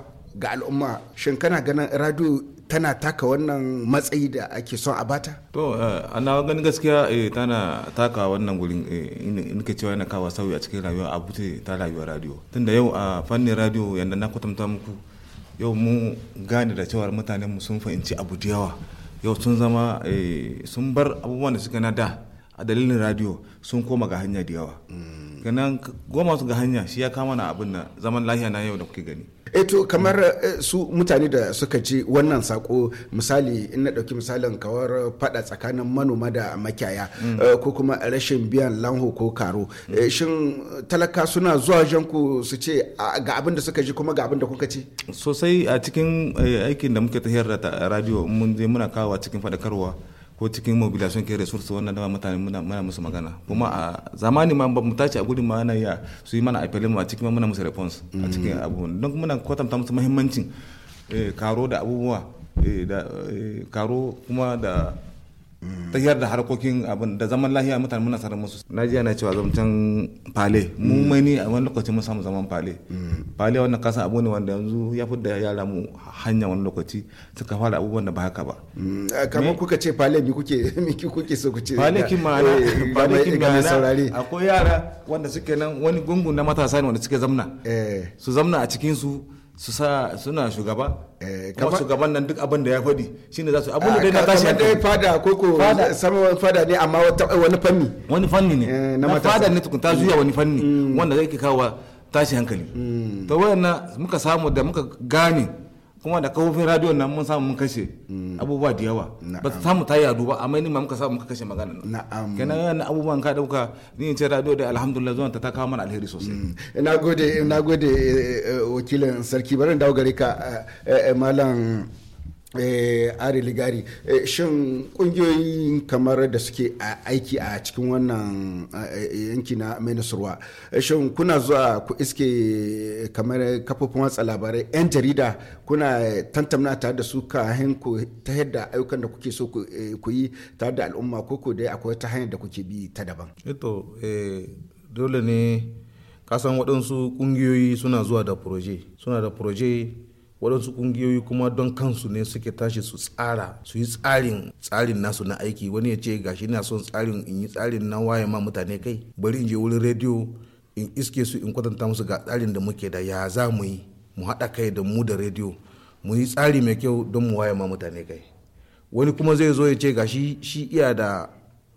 ga al'umma shin kana ganin radio tana taka wannan matsayi da ake son a bata? To, eh, ana ganin gaskiya eh, tana taka wannan gurin eh, in ka cewa yana kawo sauyi a cikin rayuwa a ce ta rayuwa radio. Tunda yau a fannin radio yadda na kwatanta muku yau mu gane da cewar mutanen mu sun fahimci abu da yawa. Yau sun zama sun bar abubuwan da suka na da a dalilin radio sun koma ga hanya da yawa. Ganan mm. goma su ga hanya shi ya kama na abin na zaman lahiya na yau da kuke gani. eto eh, kamar eh, su mutane da suka ci wannan sako misali in na ɗauki misalin kawar fada tsakanin manoma da makiyaya mm. eh, ko kuma rashin biyan lanho ko karo mm. shin talaka suna zuwa janku su ce ga abin da suka ji kuma ga abin da kuka ci sosai a cikin aikin da muke tafiyar da radio mun je muna kawo cikin fadakarwa. ko cikin mobilization ke resource wannan da mutane muna musu magana kuma a zamani ma ba mu tace a gudun ma na ya su yi mana appeal ma cikin muna musu response a mm. cikin abubuwan don muna kwatanta musu muhimmancin eh, karo da abubuwa eh, da eh, karo kuma da yar da harkokin abin da zaman lahiya mutane muna sarar musu na ji ana cewa zamantan fale mu mm. mai ni a wani lokaci mun samu zaman fale mm. fale wanda kasan abu ne wanda yanzu ya fi da yara mu hanya wani lokaci suka fara abubuwan da ba haka ba mm. kamar kuka ce fale mi kuke mi kuke so ku ce fale ki ma'ana eh, fale ki ma'ana akwai yara wanda suke nan wani gungun na matasa ne wanda suke zamna eh. su zamna a cikin su su sa suna shugaba eh, kuma shugaban nan duk abin da ya faɗi shine za su abin da ah, dai na tashi kamar fada ko ko sama fada ne amma wani fanni wani fanni ne eh, na fada ne tukun ta zuya wani fanni mm. wanda zai kawo tashi hankali mm. to wayanna muka samu da muka gane kuma da kafofin radiyon nan mun samu mun kashe mm. abubuwa da yawa ba ta samu ta yadu ba amma ni ma muka samu muka kashe magana na'am kenan yana abubuwan ka dauka ni in ce radio da alhamdulillah zuwan ta ta kawo mana alheri sosai mm. na gode gode eh, eh, wakilin sarki barin dawo gare ka eh, malam Eh, ari ligari eh, shin kungiyoyi kamar da suke aiki a cikin wannan eh, yanki na minisurwa shin kuna zuwa ku iske kamar kafofin watsa labarai 'yan jarida kuna tantamna tare da su kahin ku ta yadda ayyukan da kuke so ku yi tare da al'umma ko ko dai akwai ta hanyar da kuke bi ta daban eto dole ne kasan waɗansu ƙungiyoyi suna zuwa da proje suna da proje waɗansu ƙungiyoyi kuma don kansu ne suke tashi su tsara su yi tsarin tsarin nasu na aiki wani ya ce gashi na son tsarin in yi tsarin na waye ma mutane kai bari in je wurin rediyo in iske su in kwatanta musu ga tsarin da muke da ya za mu yi mu haɗa kai da mu da rediyo mu yi tsari mai kyau don mu waye ma mutane kai wani kuma zai zo ya ce gashi shi iya da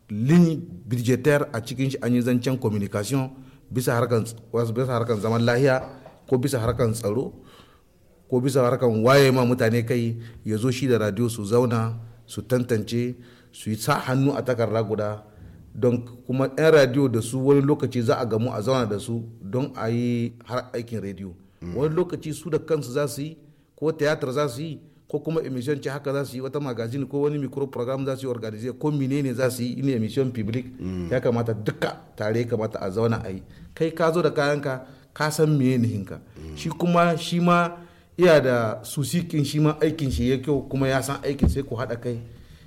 lin budgetaire a cikin shi an yi zancen communication bisa harkan zaman lahiya ko bisa harkan tsaro ko bisa harkan waye ma mutane kai ya zo shi da radio su zauna su tantance su yi sa hannu a takarda guda don kuma 'yan radio da su wani lokaci za a gamu a zauna da su don a yi har aikin radio mm. wani lokaci su da kansu za su yi ko tiyatar za su yi ko kuma emission ce haka za su yi wata magazin ko wani micro program za su yi organize ko menene za su yi in emission public mm. ya kamata duka tare kamata a zauna a yi kai ka zo da kayanka ka san menene hinka mm. shi kuma shi ma iya da su sikin shi ma aikin shi ya kyau kuma ya san aikin sai ku haɗa kai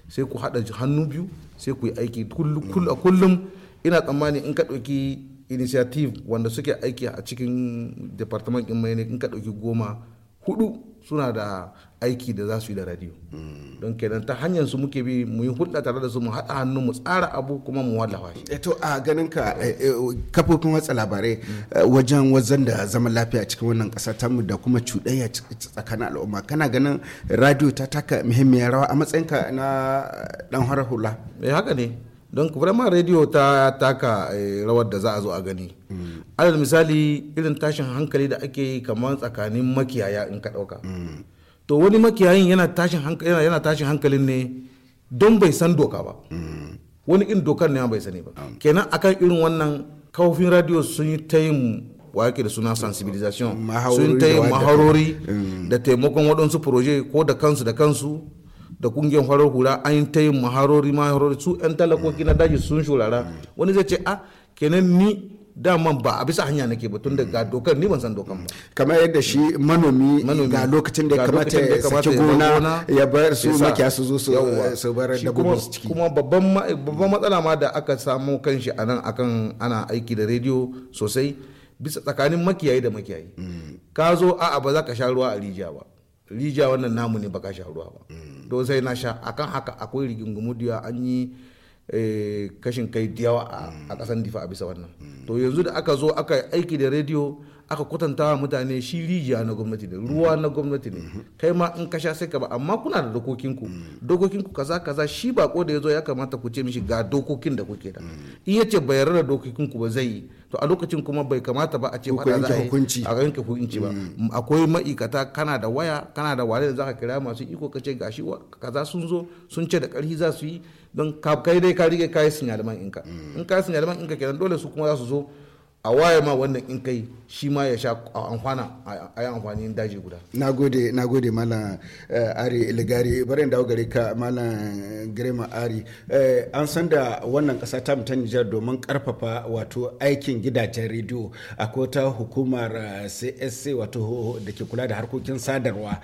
sai ku haɗa hannu biyu sai ku yi aiki kullum ina tsammani in ka ɗauki initiative wanda suke aiki a cikin departament ɗin mai ne in ka ɗauki goma hudu suna da aiki da za su yi da radio don kenan ta hanyar su muke bi mu yi hulɗa tare da su mu haɗa hannu mu tsara abu kuma mu wallafa shi eh to a ganin ka eh, eh, kafofin watsa labarai wajen wajen da zaman lafiya a cikin wannan kasa ta mu da kuma cuɗayya tsakanin al'umma kana ganin radio ta taka muhimmiyar rawa a matsayinka na dan hula eh haka ne don vraiment radiyo ta taka eh, rawar da za a zo a gani mm. alal misali irin tashin hankali da ake yi kamar tsakanin makiyaya in ka ɗauka mm. to wani makiyayin yana tashin hankalin ne don bai san doka ba mm. wani irin dokar ne bai sani ba kenan akan irin wannan kawofin radio sun yi ta yin wake da suna sensibilisation sun ta yi maharori da taimakon waɗansu proje ko da kansu da kansu da kungiyar farar hula an yi ta yin maharori maharori su 'yan talakoki na daji sun shurara wani zai ce a kenan ni dama ba a bisa hanya nake ba tun da ga dokar ni ban san dokar ba kamar yadda shi manomi ga lokacin da ya kamata ya saki gona ya bar su makiya su zo su eh, bar da gudun su ciki kuma babban matsala ma da aka samu kanshi a nan akan ana aiki da rediyo sosai bisa tsakanin makiyayi da makiyayi mm. ka zo a'a ba za ka sha ruwa a rijiya ba rija wannan namu ne baka sha ruwa ba Don sai na sha akan haka akwai rigingimu da an yi eh, kashin kai da yawa a kasan difa a bisa wannan to yanzu da aka zo aka aiki da rediyo aka kwatanta mutane shi rijiya na gwamnati ne ruwa na gwamnati ne mhm. kai ma in ka sha sai ka ba amma kuna da dokokinku mhm. dokokinku kaza kaza shi ko da ya zo ya kamata ku ce mishi ga dokokin da kuke da mhm. in ya ce bayar da dokokinku ba zai yi to a lokacin kuma bai kamata ba a ce ba za a yanke hukunci ba akwai ma'aikata kana da waya kana da wale da za ka kira masu iko ka ce gashi kaza sun zo sun ce da karfi za su yi don kai dai ka rige kayi sinyalman inka in ka sinyalman inka kenan dole su kuma za su zo a waye ma wannan in kai shi ma ya sha amfana a yi amfani daji guda. Na gode, Malam eh, Ari Ligari, bari dawo gare ka Malam Girma Ari. Eh, an san da wannan kasa ta ta Nijar domin karfafa wato aikin gidajen rediyo akwai ta hukumar CSC eh, wato da ke kula da harkokin sadarwa.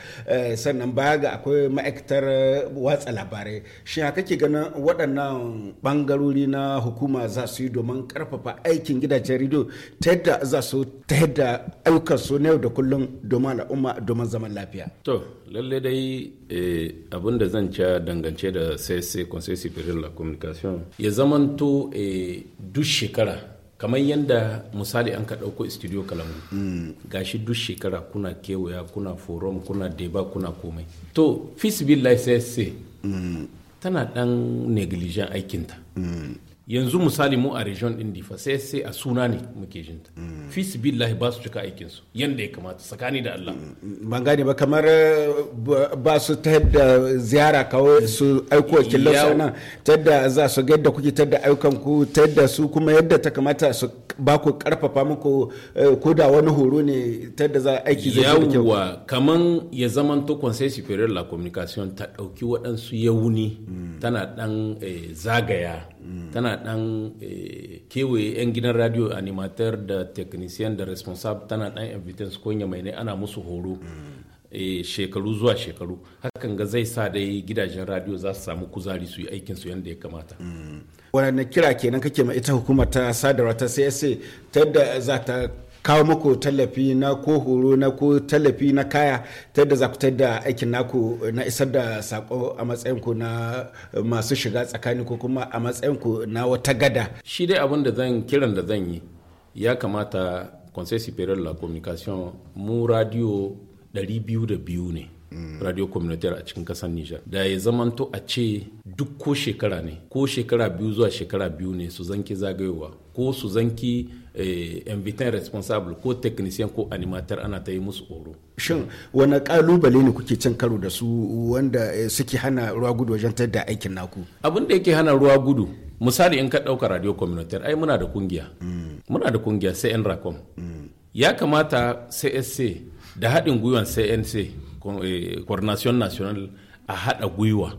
Sannan baya ga akwai ma'aikatar watsa labarai. Shi haka ke ganin waɗannan bangarori na hukuma za su yi domin karfafa aikin gidajen rediyo ta yadda za su ta yadda ayyukan su na yau da kullum domin al'umma domin zaman lafiya to lalle dai eh, abin da zan ca dangance da cc conseil superior la communication ya zamanto eh, duk shekara kamar yadda misali an ka ɗauko studio kalangu mm. gashi duk shekara kuna kewaya kuna forum kuna deba kuna komai to fisbillahi sai mm. tana ɗan negligent aikinta mm. yanzu misali mu a region din difa sai sai a suna ne muke jinta fis billahi ba su cika aikin su yanda ya kamata tsakani da Allah ban gane ba kamar ba su ta yadda ziyara kawo su aiko wakilai sana ta yadda za su ga yadda kuke ta yadda ayyukan ku ta yadda su kuma yadda ta kamata su ba ku karfafa muku eh, ko da wani horo ne ta yadda za aiki zai yi kyau yawa kaman ya zaman to conseil superior la communication ta dauki waɗansu yawuni tana dan eh, zagaya tana dan eh, kewaye 'yan gidan radio animateur da technician da responsable tana dan su ko mai ne ana musu horo eh, shekaru zuwa shekaru hakan ga zai sa dai gidajen radio za su samu kuzari su yi aikin su yadda ya kamata mm. wannan kira kenan kake ma ita hukumar ta sadarwa ta csa ta yadda za ta kawo muku tallafi na ko horo na ko tallafi na kaya ta yadda za ku da aikin naku na isar da sako a matsayinku na masu shiga tsakani ko kuma a matsayinku na wata gada shi dai abin da zan kiran da zan yi ya kamata conseil superior de la communication mu radio 202 ne radio communautaire a cikin kasar niger. Da ya zamanto a ce duk ko shekara ne, ko shekara biyu zuwa shekara biyu ne su zanki zagayowa, ko su zanki eh, invitan responsable ko technicien ko animateur ana ta yi musu oro. Shin wani kalubale ne kuke cin karo da su wanda eh, suke hana ruwa gudu wajen tada aikin naku? Abin da yake hana ruwa gudu misali in ka ɗauka radio communautaire ai muna da kungiya. Muna da kungiya sai Enracom. Mm. Ya kamata CSC da haɗin gwiwan CNC Eh, coordination national a haɗa gwiwa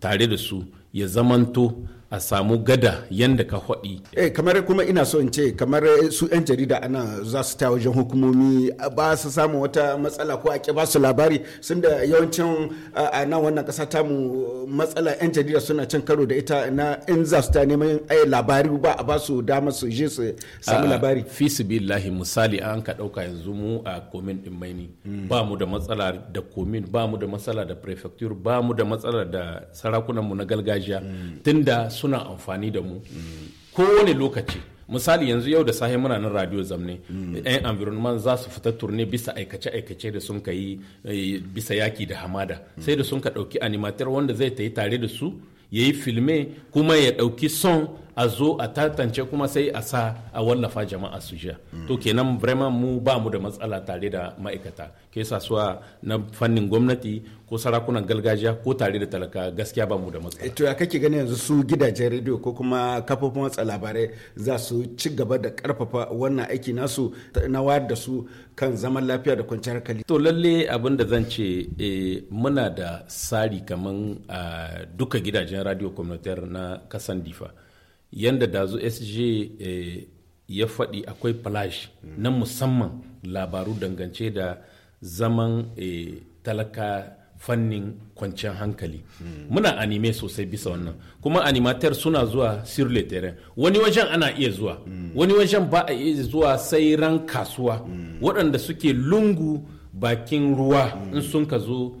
tare da su ya zamanto a samu gada yadda ka haɗi. Eh, kamar kuma ina so in ce kamar su 'yan jarida ana za su ta wajen hukumomi ba su samu wata matsala ko a ƙi ba su labari sun da yawancin a nan wannan ƙasa mu matsala 'yan jarida suna cin karo da ita na in za su ta neman labari ba a ba su dama su je su samu labari. Fi su billahi misali an ka ɗauka yanzu mu a komin ɗin maini hmm. ba mu da matsala da komin ba mu da matsala da prefecture ba mu da matsala da sarakunanmu na gargajiya hmm. tunda suna amfani da mu kowane lokaci misali yanzu yau da sahi muna nan radio zamne mm. yan environment za su fita turne bisa aikace-aikace da sun ka yi eh, bisa yaki da hamada mm. sai da sun ka ɗauki animatar wanda zai ta yi tare da su ya yi filme kuma ya ɗauki son a zo a tantance kuma sai a sa a wallafa jama'a su sha to kenan vraiment mu ba mu da matsala tare da ma'aikata ke sa suwa na fannin gwamnati ko sarakunan gargajiya ko tare da talaka gaskiya ba mu da matsala eh, to ya kake gani yanzu su gidajen rediyo ko kuma kafofin watsa labarai za su ci gaba da karfafa wannan aiki nasu na wayar da su kan zaman lafiya da kwanciyar hankali to lalle abin da zan ce eh, muna da sari kaman a ah, duka gidajen radio communautaire na kasan difa yanda dazu sg eh, ya faɗi akwai flash na musamman labaru dangance da zaman eh, talaka fannin kwanciyar hankali muna anime sosai bisa wannan kuma animatar suna zuwa sirle terrain wani wajen ana iya zuwa wani wajen ba a iya zuwa sai ran kasuwa waɗanda suke lungu bakin ruwa in sun ka zo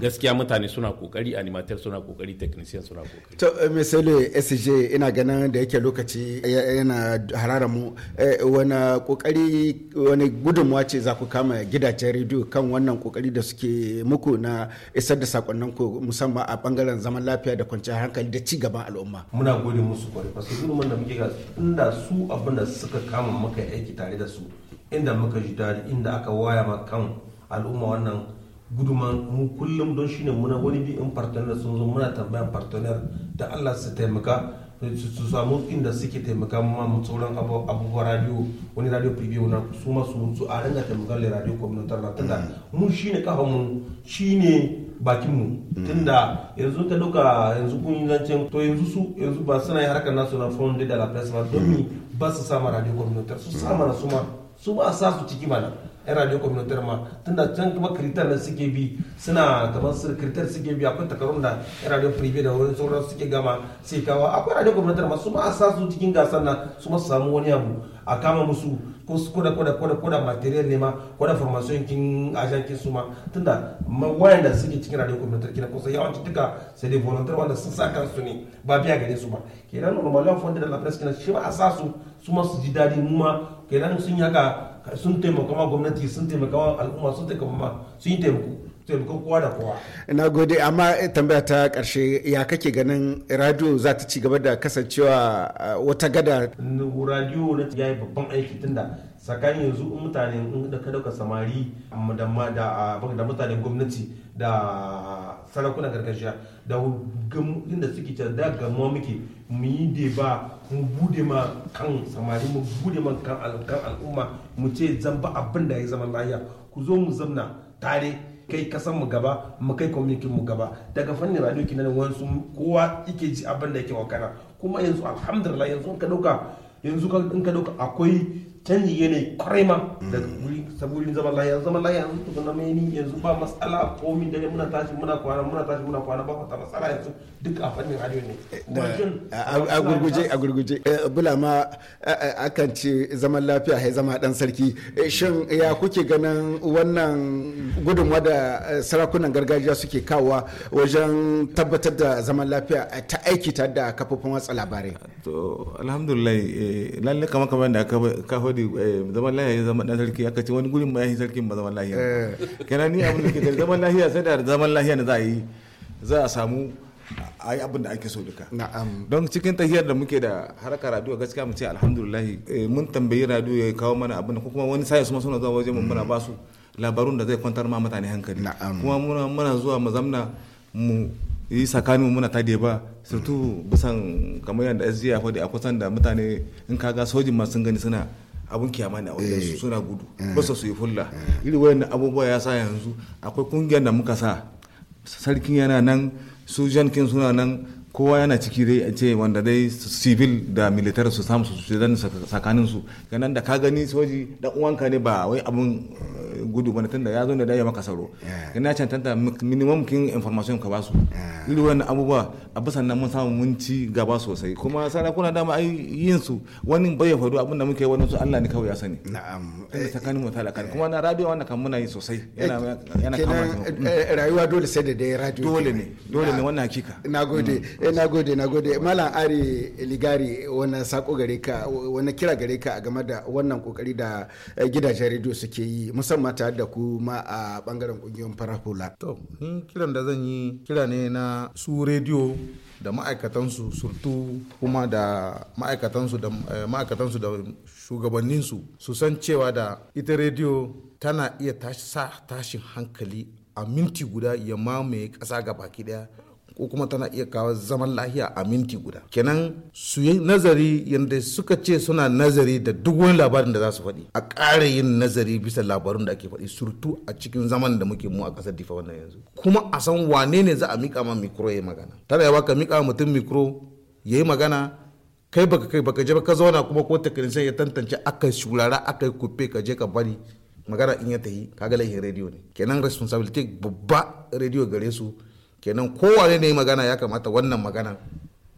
gaskiya mutane suna kokari animatar suna kokari technician suna kokari to eh, misali sj ina ganin da yake lokaci eh, yana harara mu eh, wani kokari wani gudunmuwa ce za ku kama gidajen rediyo kan wannan kokari da suke muku na isar da sakonnan ku musamman a bangaren zaman lafiya da kwanciyar hankali da ci gaban al'umma muna gode musu kwarai fa su gudumin da muke ga inda su abin da suka kama maka aiki tare da su inda muka ji dadi inda aka waya ma kan al'umma wannan guduman mu kullum don shine muna wani bi in partner sun zo muna tambayan partner da Allah su taimaka su samu inda suke taimaka ma mu sauran abubuwa radio wani radio privé na su ma su su a ringa taimakon le radio communautaire na tunda mu shine kafa mu shine bakin mu mm. tunda yanzu ka duka yanzu kun yi zancen to yanzu su yanzu ba suna yi harkar nasu na fonde da la presse ba don mm. ba su sama radio communautaire su sama na su ma su ba sa su ciki mana radio communautaire ma tunda can kuma critère da suke bi suna kamar su critère suke bi akwai takarun da radio privé da wani sauran suke gama sai kawo akwai radio communautaire ma su ma a sa su cikin gasar nan su ma samu wani abu a kama musu ko su koda koda koda koda material ne ma koda formation kin ajan kin su ma tunda wayan da suke cikin radio communautaire kina kusa yawanci duka sai dai volunteer wanda sun sa kansu ne ba biya gare su ba kenan normalan fondin da la presse kina shi ma a sa su su ma su ji dadi mu ma kenan sun yaka sun taimaka ma gwamnati sun taimaka ma al'umma sun taimaka ma sun yi taimako taimako kowa da kowa. Na gode, amma eh, tambaya ta karshe ya kake ganin radio za ta ci gaba da kasancewa eh, wata gada? Radio ya yi babban aiki tunda tsakanin yanzu mutane in da ka dauka samari da mutanen gwamnati da sarakunan gargajiya da da suke can da gama muke mu yi da ba mu bude ma kan samari mu bude ma kan al'umma mu ce zan ba abin da ya zama lahiya ku zo mu zamna tare kai kasan mu gaba mu kai kwamitin mu gaba daga fannin radio kinan wasu kowa yake ji abin da yake wakana kuma yanzu alhamdulillah yanzu ka dauka yanzu in ka dauka akwai canji yanayi kwarai ma mm. daga wuri saboda zama lahiya zama lahiya yanzu tukun na mai yanzu ba matsala komi dare muna tashi muna kwana muna tashi muna kwana ba wata matsala yanzu duk a fannin arewa ne eh, a gurguje a gurguje eh, bula ma akan ce zaman lafiya hai zama dan sarki eh, shin ya kuke ganin wannan gudunmawa da sarakunan gargajiya suke kawowa wajen tabbatar da zaman lafiya ta aiki tare da kafofin watsa labarai to alhamdulillah lalle kamar kamar da ka annabi eh, zaman lahiya zaman zama dan sarki aka ce wani gurin ma yahi sarkin ba zaman lahiya kenan ni abin da ke da zaman lahiya sai da zaman lahiya ne za a yi za a samu a yi abin da ake so duka don cikin tahiyar da muke da harkar radio gaskiya mu ce alhamdulillah eh, mun tambayi radio ya kawo mana abin ko kuma wani sai su ma suna zuwa waje muna ba su labarun da zai kwantar ma mutane hankali kuma muna muna zuwa mu zamna mu yi tsakanin muna ta ba surtu bisan kamar yadda SG ya faɗi a kusan da mutane in kaga sojin ma sun gani suna abun kiyama ne a wajen su eh. suna gudu eh. basa su yi fulla iri wayannan abubuwa ya sa yanzu akwai kungiyar da muka sa sarkin yana nan su jankin suna nan kowa yana ciki dai a ce wanda dai civil da militar su samu su dan tsakanin su ganin da ka gani soji dan uwanka ne ba wai abun gudu bane tunda ya zo ne da ya maka sauro ina cancanta minimum kin information ka basu irin wani abubuwa a bisa nan mun samu mun ci gaba sosai kuma sarakuna dama ai yin su wani bai ya faru abinda muke wani su Allah ne kawai ya sani na'am tunda tsakanin mu talaka eh, kuma na eh. radio wannan kan muna yi sosai yana eh, yana rayuwa dole sai da dai radio dole ne dole ne wannan hakika nagode mm. eh nagode nagode malam ari ligari wannan sako gare ka wannan kira gare ka game da wannan kokari da gidajen radio suke yi musamman zama tare da ku ma a bangaren kungiyar farar To, ni kiran da zan yi kira ne na su rediyo da ma'aikatansu surtu kuma da ma'aikatansu da eh, ma'aikatansu da shugabanninsu su san cewa da ita rediyo tana iya sa tashin hankali a minti guda ya mamaye ƙasa ga baki ɗaya. ko kuma tana iya kawo zaman lahiya a minti guda kenan su yi nazari yadda suka ce suna nazari da duk wani labarin da za su faɗi a ƙara yin nazari bisa labarin da ake faɗi surtu a cikin zaman da muke mu a ƙasar difa wannan yanzu kuma a san wane ne za a miƙa ma mikro ya magana tana yawa ka miƙa mutum mikro ya yi magana kai baka kai baka je ka zauna kuma ko takardun ya tantance aka shurara aka yi kufe ka je ka bari magana in ya tahi kaga laifin rediyo ne kenan responsibility babba rediyo gare su kenan kowane ne magana ya kamata wannan magana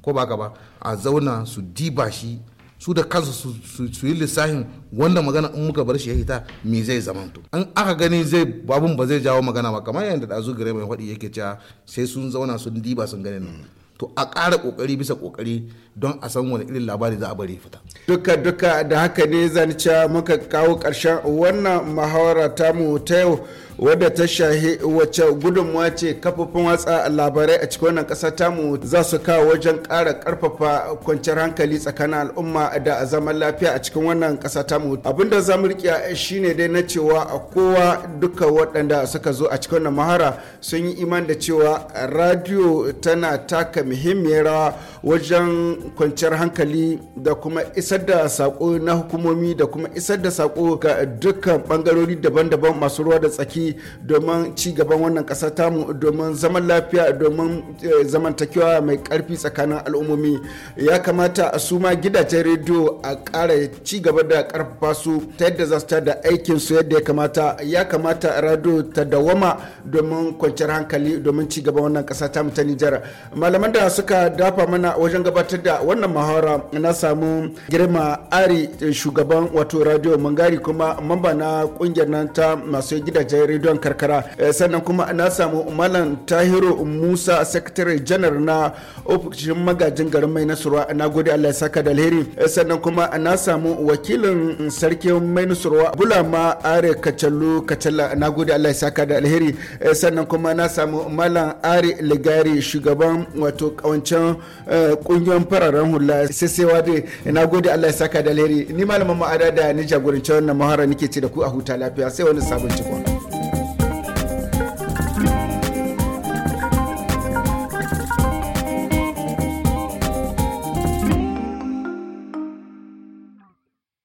ko baka ba a zauna su diba shi su da kansu su yi lissafin wannan magana in muka bar shi ya hita me zai zamanto an aka gani zai babun ba zai jawo magana ba kamar yadda dazu gare mai faɗi yake cewa sai sun zauna sun diba sun gani to a ƙara ƙoƙari bisa ƙoƙari don a san wani irin labari za a bari fita. Duka duka da haka ne zan ce muka kawo ƙarshen wannan muhawara ta mu ta yau wadda ta shahi wacce gudunmuwa ce kafofin watsa labarai a cikin wannan ƙasa mu za su kawo wajen ƙara ƙarfafa kwanciyar hankali tsakanin al'umma da zaman lafiya a cikin wannan ƙasa tamu abinda za mu riƙe shine dai na cewa a kowa duka waɗanda suka zo a cikin wannan mahara sun yi iman da cewa radio tana taka muhimmiyar rawa wajen kwanciyar hankali da kuma isar da sako na hukumomi da kuma isar da sako ga dukkan bangarori daban-daban masu ruwa da tsaki domin ci gaban wannan ƙasa tamu domin zaman lafiya domin eh, zamantakewa mai karfi tsakanin al'ummomi ya kamata a suma gidajen rediyo a kara ci gaba da karfafa su ta yadda za su da aikin su yadda ya kamata ya kamata rado ta dawama domin kwanciyar hankali domin ci gaban wannan ta tamu ta Nijar malaman da suka dafa mana wajen gabatar da wannan mahara na samu girma ari shugaban wato radio mangari kuma mamba na kungiyar nan ta masu gidajen rediyon karkara eh, sannan kuma na samu malam tahiru musa secretary janar na ofishin magajin garin mai nasarwa na gode allah ya saka da alheri eh, sannan kuma na samu wakilin sarkin mai nasarwa bulama are kacallu kacalla na gode allah ya saka da alheri eh, sannan kuma na samu malam are ligari shugaban wato kawancen kungiyar fara fararen hula sai sai wade na gode Allah ya saka da alheri ni malamin ma'ada da ni jagoranci wannan mahara nake ce da ku a huta lafiya sai wani sabon cikon.